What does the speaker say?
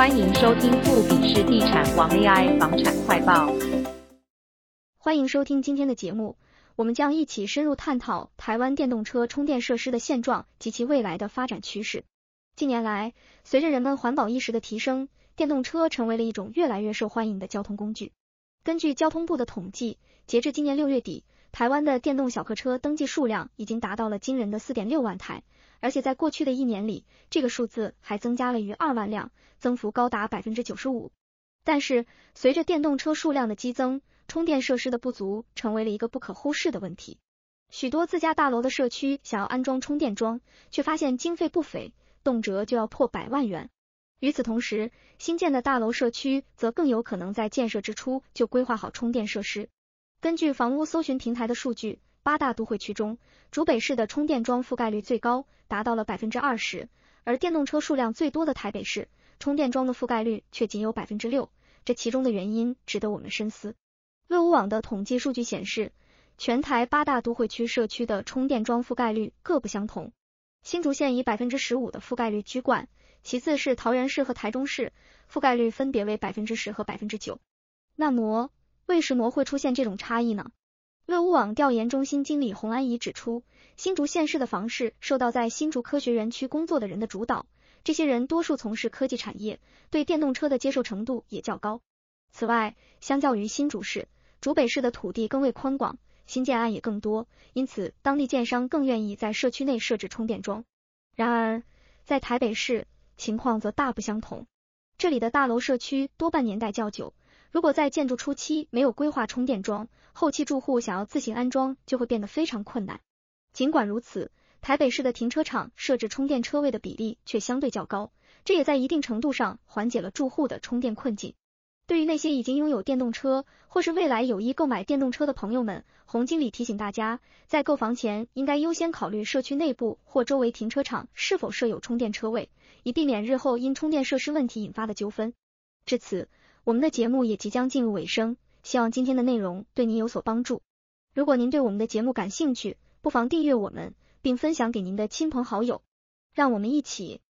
歡迎收聽富比士地產王 AI 房產快報。歡迎收聽今天的節目，我們將一起深入探討台灣電動車充電設施的現狀及其未來的發展趨勢。近年來，隨着人們環保意識的提升，電動車成為了一種越來越受歡迎的交通工具。根據交通部的統計，截至今年六月底，台灣的電動小客車登記數量已經達到了驚人的四點六萬台，而且在過去的一年裡，這個數字還增加了逾二萬輛，增幅高達百分之九十五。但是，隨着電動車數量的激增，充電設施的不足成為了一個不可忽視的問題。許多自家大樓的社區想要安裝充電樁，卻發現經費不菲，動輒就要破百萬元。與此同時，新建的大樓社區則更有可能在建設之初就規劃好充電設施。根據房屋搜尋平台的數據，八大都會區中，竹北市的充電樁覆蓋率最高，達到了百分之二十；而電動車數量最多的台北市，充電樁的覆蓋率卻僅有百分之六。這其中的原因值得我們深思。樂屋網的統計數據顯示，全台八大都會區社區的充電樁覆蓋率各不相同。新竹縣以百分之十五的覆蓋率居冠，其次是桃園市和台中市，覆蓋率分別為百分之十和百分之九。那麼為什麼會出現這種差異呢？樂屋網調研中心經理洪安怡指出，新竹縣市的房市受到在新竹科學園區工作的人的主導，這些人多數從事科技產業，對電動車的接受程度也較高。此外，相較於新竹市，竹北市的土地更為寬廣，新建案也更多，因此當地建商更願意在社區內設置充電樁。然而，在台北市情況則大不相同，這裡的大樓社區多半年代較久。如果在建築初期沒有規劃充電樁，後期住戶想要自行安裝就會變得非常困難。儘管如此，台北市的停車場設置充電車位的比例卻相對較高，這也在一定程度上緩解了住戶的充電困境。對於那些已經擁有電動車或是未來有意購買電動車的朋友們，洪經理提醒大家，在購房前應該優先考慮社區內部或周圍停車場是否設有充電車位，以避免日後因充電設施問題引發的糾紛。至此。我們的節目也即將進入尾聲，希望今天的內容對您有所幫助。如果您對我們的節目感興趣，不妨訂閱我們，並分享給您的親朋好友，讓我們一起。